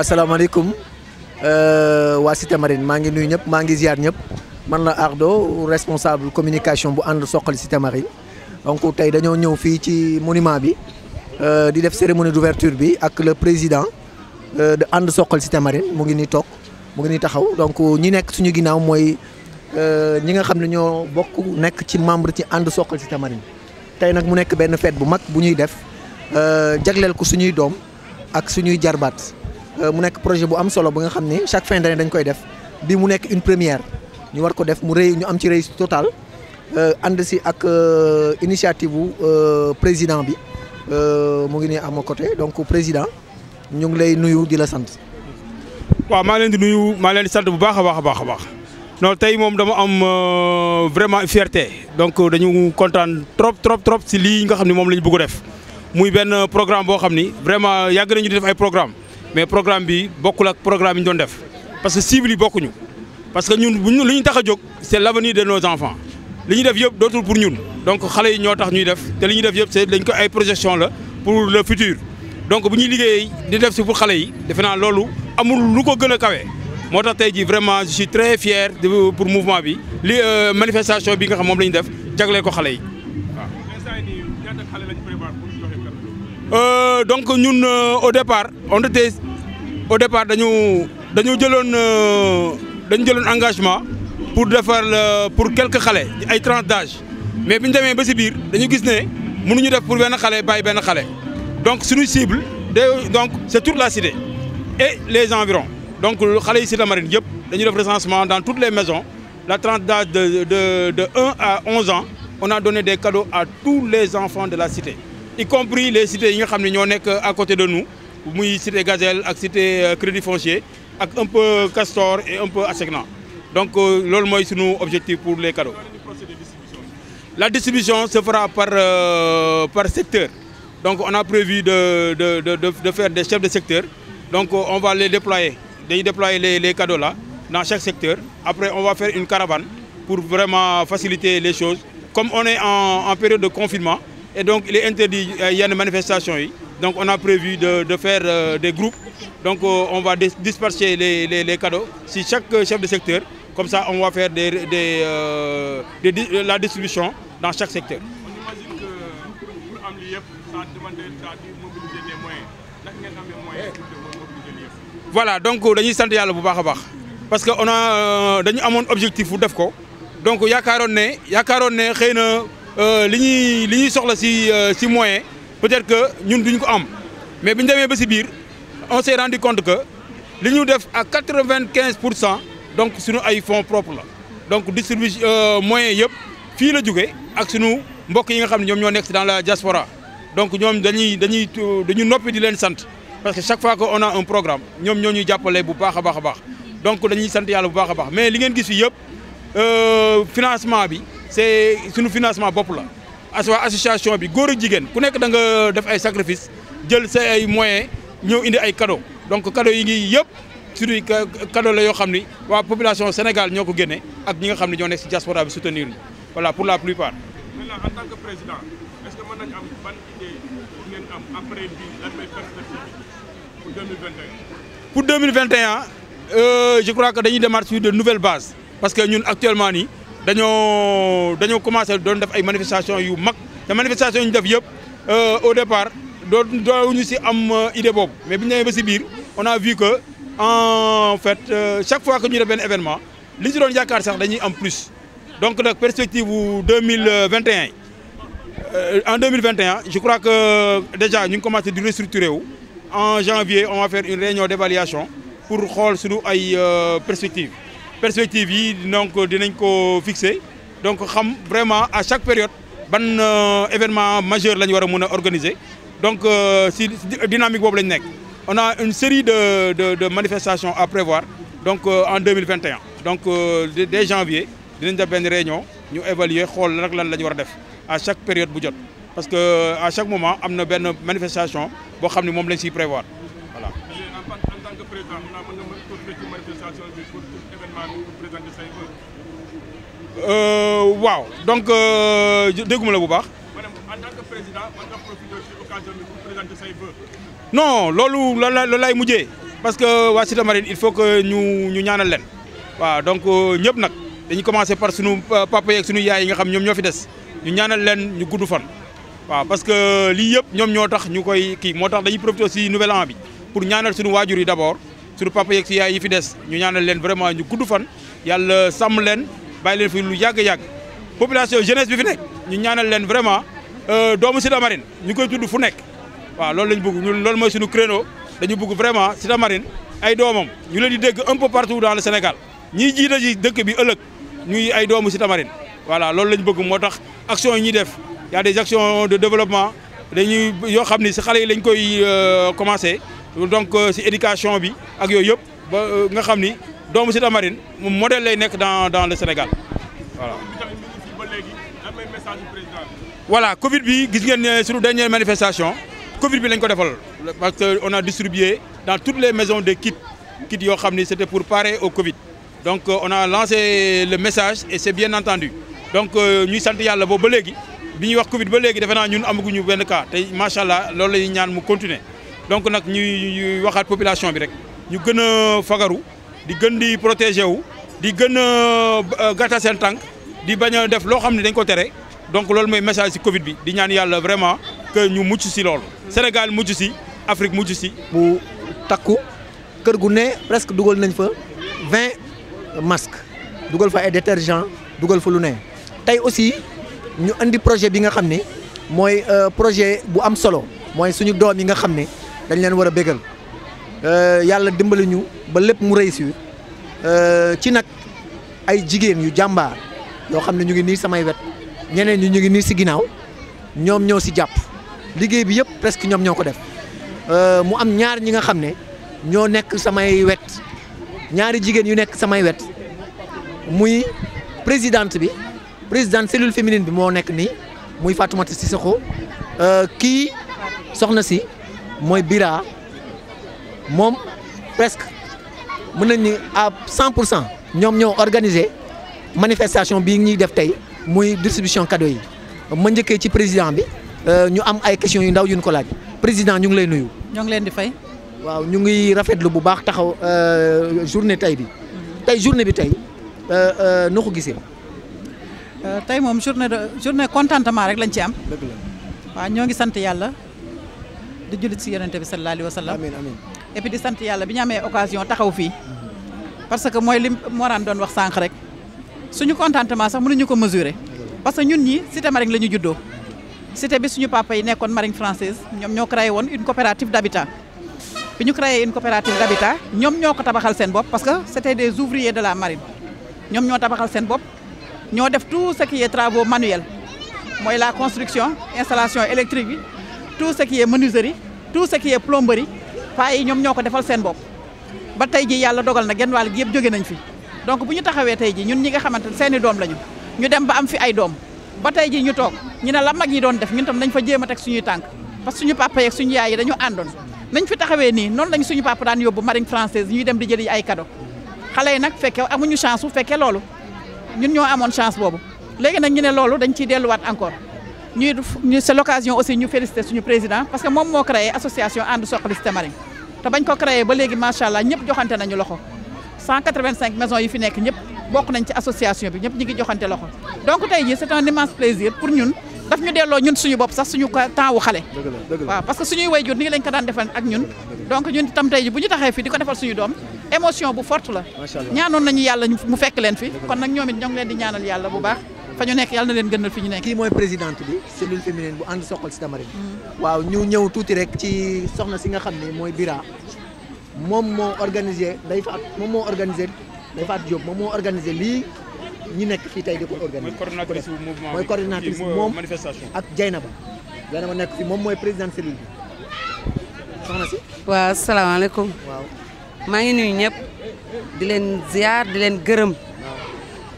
asalaamaaleykum euh, waa Cité Marine maa ngi nuyu ñëpp maa ngi ziar ñëpp man la Ardo responsable communication bu ànd Suxali Cité Marine donc tey dañoo ñëw fii ci moniment bi euh, di def cérémonie d'ouverture bi ak le président euh, de ànd Suxali Cité Marine mu ngi ni toog mu ngi ni taxaw donc ñi nekk suñu ginnaaw mooy ñi nga xam ne ñoo bokk nekk ci membre ci ànd Suxali Cité Marine tey nag mu nekk benn fête bu mag bu ñuy def jagleel ko suñuy doom ak suñuy jarbaat Euh, mu nekk projet bu am solo bu nga xam ne chaque fin d'année dañ koy def bi mu nekk une première ñu war ko def mu rëy ñu am ci réussite totale euh, ànd si ak euh, initiative bu président bi mu ngi nii am mon côté donc président ñu ngi lay nuyu di la sant. waaw maa leen di nuyu maa leen di sant bu baax a baax a baax a baax non tey moom dama am vraiment fierté donc dañu kontaan trop trop trop si lii nga xam ne moom la ñu def muy benn programme boo xam ni vraiment yàgg na di def ay programme mais programme bi bokkul ak programme yi ñu doon def parce que cible yi bokkuñu parce que ñun bu ñu li ñu tax a jóg c' est l' avenir de nos enfants li ñu def yëpp dootul pour ñun donc xale yi ñoo tax ñuy def te li ñu def yëpp c' est dañ ko ay projection la pour le futur donc bu ñuy liggéey di def si pour xale yi defe naa loolu amul lu ko gën a kawe moo tax tey jii vraiment je suis très fier pour mouvement bi li euh, manifestation bi nga xam moom la ñu def jagleel ko xale yi. Euh, donc ñun euh, au départ on était au départ dañu dañu jëloon euh, dañu jëloon engagement pour defar pour quelques xale ay tranche d'âge mais bi ñu demee ba si biir dañu gis ne mënuñu def pour benn xale bàyyi benn xale donc suñu cible de donc c'est toute la cité et les environs donc xale yi cité marine yëpp dañu def recensement dans toutes les maisons la tranche d'âge de de de 1 à 11 ans on a donné des cadeaux à tous les enfants de la cité y compris les cités yi nga xam ne ñoo nekk à côté de nous muy cité Gazelle ak cité euh, Crédit Foncier ak un peu Castor et un peu Asecna donc euh, loolu mooy sunu objectif pour les cadeaux la distribution se fera par euh, par secteur donc on a prévu de de de de faire des chefs de secteur donc on va les déployer dañuy déployer les les cadeaux là dans chaque secteur après on va faire une caravane pour vraiment faciliter les choses comme on est en en période de confinement et donc il est interdit euh, il y a donc on a prévu de, de faire euh, des groupes donc euh, on va disperser les, les, les, cadeaux si chaque euh, chef de secteur comme ça on va faire des, des, euh, la distribution dans chaque secteur on voilà donc dañuy sant yàlla bu baax a baax parce que on a dañu amoon objectif bu def ko donc yaakaaroon ne yaakaaroon ne xëy Euh, li ñuy li ñuy soxla si euh, si moyen peut-être que ñun duñ ko am mais bi ñu demee ba si biir on s'est rendu compte que li ñu def à quatre-vingt-quinze pour cent donc suñu ay fonds propres la donc distribution euh, moyen yëpp fii la jóge ak sunu mbokk yi nga xam ne ñoom ñoo nekk dans la diaspora donc ñoom dañuy dañuy dañu noppi di leen sant parce que chaque fois que on a un programme ñoom ñoo ñuy jàppale bu baax a baax a baax donc dañuy sant yàlla bu baax a baax mais li ngeen gis fii yëpp financement bi c'est sunu financement bopp la aswa association bi góor jigéen ku nekk da nga def ay sacrifice jël sa ay moyen ñëw indi ay cadeau donc cadeau yi ngi yëpp surtout cadeau la yoo xam ni waa population Sénégal ñoo ko génne ak ñi nga xam ne ñoo nekk si diaspora bi soutenir ñu voilà pour la plupart. maintenant en tant que président est-ce que mën nañu am ban idée pour ngeen am euh, je crois que dañuy démarrer de nouvelles bases parce que ñun actuellement nii. dañoo dañoo commencer doon def ay manifestation yu mag te manifestation ñu def yëpp euh, au départ doo ñu si am euh, idée boobu mais bi ñu ba si biir on a que en fait euh, chaque fois que ñu def benn événement li ñu si sax dañuy am plus donc nag perspective bu deux mille vingt et un yi en deux mille vingt je crois que déjà ñu ngi commencé di restructurer wu en janvier on va faire une réunion d'évaluation pour xool suñu ay perspectives. perspective yi donc dinañ ko fixer donc xam vraiment à chaque période ban euh, événement majeur la ñu war a mun a organiser donc euh, si dynamique boobu la ñu nekk on a une série de de de à prévoir donc euh, en 2021 donc dès janvier dinañ def benn réunion ñu évaluer xool rek lan la ñu war a def à chaque période bu jot parce que à chaque moment am na benn manifestation boo xam ni moom lañ siy prévoir voilà. Euh, waaw donc euh, dégguma la bu baax. en tant que président mën nga profité non loolu la mujjee parce que waa Cité Marine il faut que ñu ñu ñaanal leen waaw donc euh, ñëpp nag dañu commencé par sunu papa yeeg sunu yaay yi nga xam ñoom ñoo fi des ñu ñaanal leen ñu gudd fan. waaw parce que lii yëpp ñoom ñoo tax ñu koy kii moo tax dañu profité aussi nouvel an bi pour ñaanal sunu waajur yi d' abord. suñu papa yeeg si yaay yi fi des ñu ñaanal leen vraiment ñu gudd fan yàlla sàmm leen bàyyi leen fi lu yàgg-yàgg population jeunesse bi fi nekk ñu ñaanal leen vraiment euh, doomu Cité Marine ñu koy tudd fu nekk waaw loolu lañ bëgg ñun loolu mooy suñu créneau dañu bëgg vraiment Cité Marine ay doomam ñu leen di dégg un peu partout dans le Sénégal ñiy jiite ji dëkk bi ëllëg ñuy ay doomu Cité Marine voilà loolu lañ bëgg moo tax action yi ñuy def y a des de développement dañuy yoo xam ni si xale yi lañ koy euh, commencé donc euh, si éducation bi ak yooyu yëpp ba euh, nga xam ni doomu Cité Marine moom modèle lay nekk dans dans le Sénégal voilà. voilà Covid bi gis ngeen ne suñu dernière manifestation Covid bi lañ ko defal parce que on a distribué dans toutes les maisons des kits kits yoo xam ni c'était pour parer au Covid donc euh, on a lancé le message et c'est bien entendu donc ñuy sant yàlla boobu ba léegi bi ñuy wax Covid ba léegi defe naa ñun amaguñu benn cas te macha allah loolu la ñuy ñaan mu continuer. donc nag ñuy waxaat population bi rek ñu gën a fagaru di gën di protéger wu di gën a euh, gàttal seen tànk di bañ a def loo xam ne dañ ko tere donc loolu mooy message ci Covid bi di ñaan yàlla vraiment que ñu mujj si loolu. Sénégal mucc ci Afrique mucc ci. bu takku kër gu ne presque dugal nañ fa vingt masques dugal fa ay détergent dugal fa lu ne tey aussi ñu indi projet bi nga xam ni mooy euh, projet bu am solo mooy suñu doom yi nga xam ni dañ leen war a bégal euh, yàlla dimbali ñu ba lépp mu réussir euh, ci nag ay jigéen yu jàmbaar yoo xam ne ñu ngi nii samay wet ñeneen ñu ñu ngi nii si ginnaaw ñoom ñoo si jàpp liggéey bi yëpp presque ñoom ñoo ko def euh, mu am ñaar ñi nga xam ne ñoo nekk samay wet ñaari jigéen yu nekk samay wet muy présidente bi présidente cellule féminine bi moo nekk nii muy si Cissokho kii soxna si mooy Bira moom presque mun nañ ni à 100 pour cent ñoom ñoo organiser manifestation bii ñuy def tey muy distribution cadeau yi ma njëkkee ci président bi euh, ñu am ay questions yu ndaw yu ñu ko laaj président ñu ngi lay nuyu. ñoo ngi leen di fay. waaw ñu ngi rafetlu bu baax taxaw euh, journée tey bi mhm. tey journée bi tey euh, noo ko gisee. tey moom journée de journée contentement rek lañ ci am. dëgg ñoo ngi sant yàlla. di jullit si yonente bi sallallahu alayhi wa sallam amiin amiin et puis di sant yàlla bi ñu amee taxaw fii parce que mooy li Morane doon wax sànq rek suñu contentement sax mënuñu ko mesurer parce que ñun ñi cité Marine la ñu juddoo cité bi suñu papa yi nekkoon Marine française ñoom ñoo créé woon une coopérative d'habitat bi ñu créé une coopérative d'habitat ñoom ñoo ko tabaxal seen bopp parce que c'était des ouvriers de la marine ñoom ñoo tabaxal seen bopp ñoo def tout ce qui est travaux mooy la construction installation électrique bi tout ce qui est menuiserie tout e qui est plomberie paa yi ñoom ñoo ko defal seen bopp ba tey ji yàlla dogal na genn wàll yëpp jóge nañ fi donc bu ñu taxawee tey ji ñun ñi nga xamante ne seen i doom lañu ñu dem ba am fi ay doom ba tey ji ñu toog ñu ne la mag ñi doon def ñun tam nañ fa jéem teg suñuy tànk parce que suñu papa yeeg suñu yaay yi dañu àndoon nañ fi taxawee nii noonu lañ suñu papa daan yóbbu marine française ñuy dem di jëli ay kado xale yi nag fekke amuñu chance bu fekkee loolu ñun ñoo amoon chance boobu léegi nag ñu ne loolu dañ ciy delluwaat encore ñu c'est l'occasion aussi ñu féliciter suñu président parce que moom moo créé association ànd Suxali Cité Marine te bañ ko créé ba léegi macha allah ñëpp joxante nañu loxo 185 yi fi nekk ñëpp bokk nañ association bi ñëpp ñu ngi joxante loxo donc tey jii c'est un immense plaisir pour ñun daf ñu delloo ñun suñu bopp sax suñu temps wu parce que suñuy wayjur ni ngi lañ ko daan defal ak ñun donc ñun tam tey ji bu ñu taxee fii di ko defal suñu doom émotion bu forte la ñaanoon fekk leen fi ñoo ngi leen di ñaanal yàlla bu baax fa nekk yàlla na leen na fi ñu nekk. kii mooy présidente bi cellule féminine bu ànd soxal si Tamarin. waaw ñu ñëw tuuti rek ci soxna si nga xam ne mooy Bira moom moo organisé day faat moom moo organisé day faat Diop moom moo organisé lii ñu nekk fii tey di ko organisé. ko coordinatrice moom ak Jaynaba Jaynaba nekk si moom mooy présidente cellule bi soxna si. waaw salaamaaleykum. waaw maa ngi nuyu ñëpp di leen ziar di leen gërëm.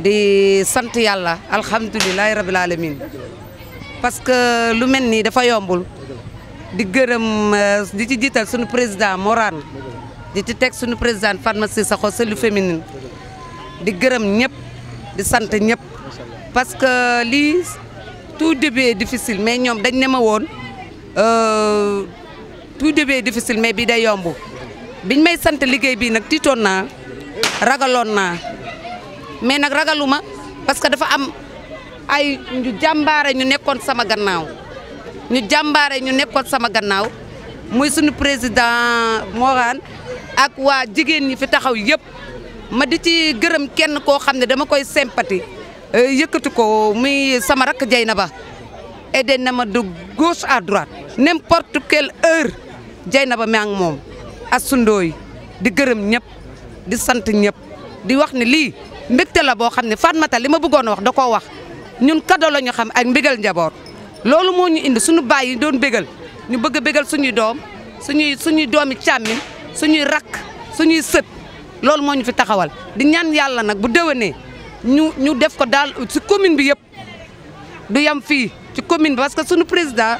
di sant yàlla alhamdulilahi rabil alamin parce que lu mel nii dafa yombul di gërëm di ci jiital suñu président Morane di ci teg suñu président pharmacie Sakho lu féminin di gërëm ñëpp di sant ñëpp parce que lii tout début est mais ñoom dañ ne ma woon euh, tout début est difficile mais bii day yomb biñ may sant liggéey bii nag tiitoon naa ragaloon naa mais nag ragaluma parce que dafa am ay ñu jàmbaare ñu nekkoon sama gannaaw ñu jàmbaare ñu nekkoon sama gannaaw muy suñu président Morane ak waa jigéen ñi fi taxaw yëpp ma di ci gërëm kenn koo xam ne dama koy sympathie euh, yëkkati ko muy sama rakk Dieynaba aidé na ma de gauche à droite n'importe quelle heure Dieynaba maa ngi moom ak sundooy di gërëm ñëpp di sant ñëpp di wax ne lii mbégte la boo xam ne Fatmata li ma bëggoon wax da koo wax ñun kado la ñu xam ak mbégal njaboot loolu moo ñu indi suñu baay yi doon bégal ñu bëgg a bégal suñuy doom suñuy suñuy doomi càmmin suñuy rakk suñuy sët loolu moo ñu fi taxawal di ñaan yàlla nag bu déwénee ñu ñu def ko daal ci commune bi yëpp du yam fii ci commune bi parce que suñu président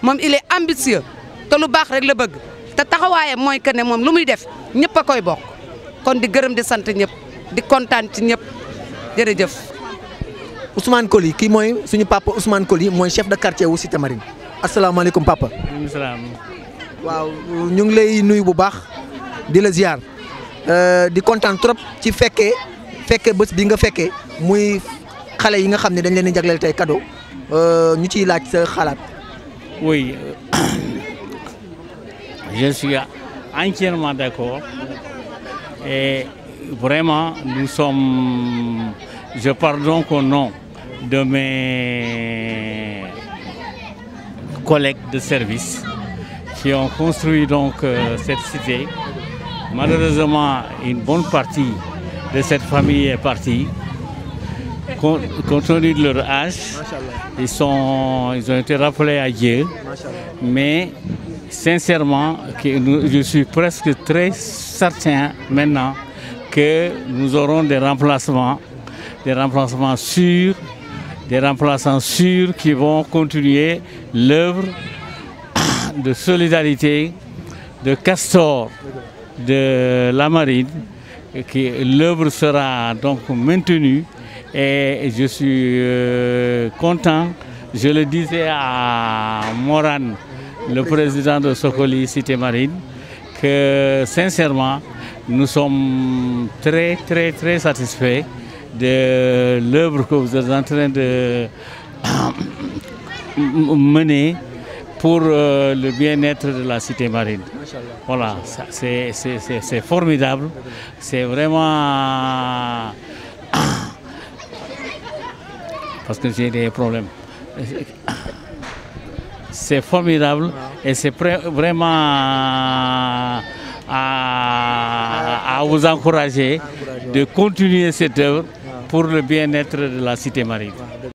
moom il est ambitieux te lu baax rek la bëgg te taxawaayam mooy que ne moom lu muy def ñëpp a koy bokk kon di gërëm di sant ñëpp di kontaan ci ñëpp jërëjëf. Ousmane Coly kii mooy suñu papa Ousmane Coly mooy chef de quartier wu Cité Marine asalaamaaleykum papa. maaleykum salaam. waaw ñu ngi lay nuyu bu baax di la ziar euh, di kontaan trop ci fekkee fekkee bés bi nga fekkee muy xale yi nga xam ne dañ leen di jagleel tey cadeau euh, ñu ciy laaj sa xalaat. oui je suis vraiment, nous sommes, je parle donc au nom de mes collègues de service qui ont construit donc euh, cette cité. Malheureusement, une bonne partie de cette famille est partie. Compte tenu de leur âge, ils, sont, ils ont été rappelés à Dieu. Mais sincèrement, je suis presque très certain maintenant que nous aurons des remplacements, des remplacements sûrs, des remplaçants sûrs qui vont continuer l'œuvre de solidarité de Castor, de la marine, l'œuvre sera donc maintenue et je suis euh, content. Je le disais à Moran, le président de Socoli Cité Marine, que sincèrement, Nous sommes très, très, très satisfaits de l'œuvre que vous êtes en de mener pour euh, le bien-être de la cité marine. Voilà, c'est formidable. C'est vraiment... Parce que j'ai des problèmes. C'est formidable et c'est vraiment... à, à vous encourager de continuer cette œuvre pour le bien-être de la cité marine.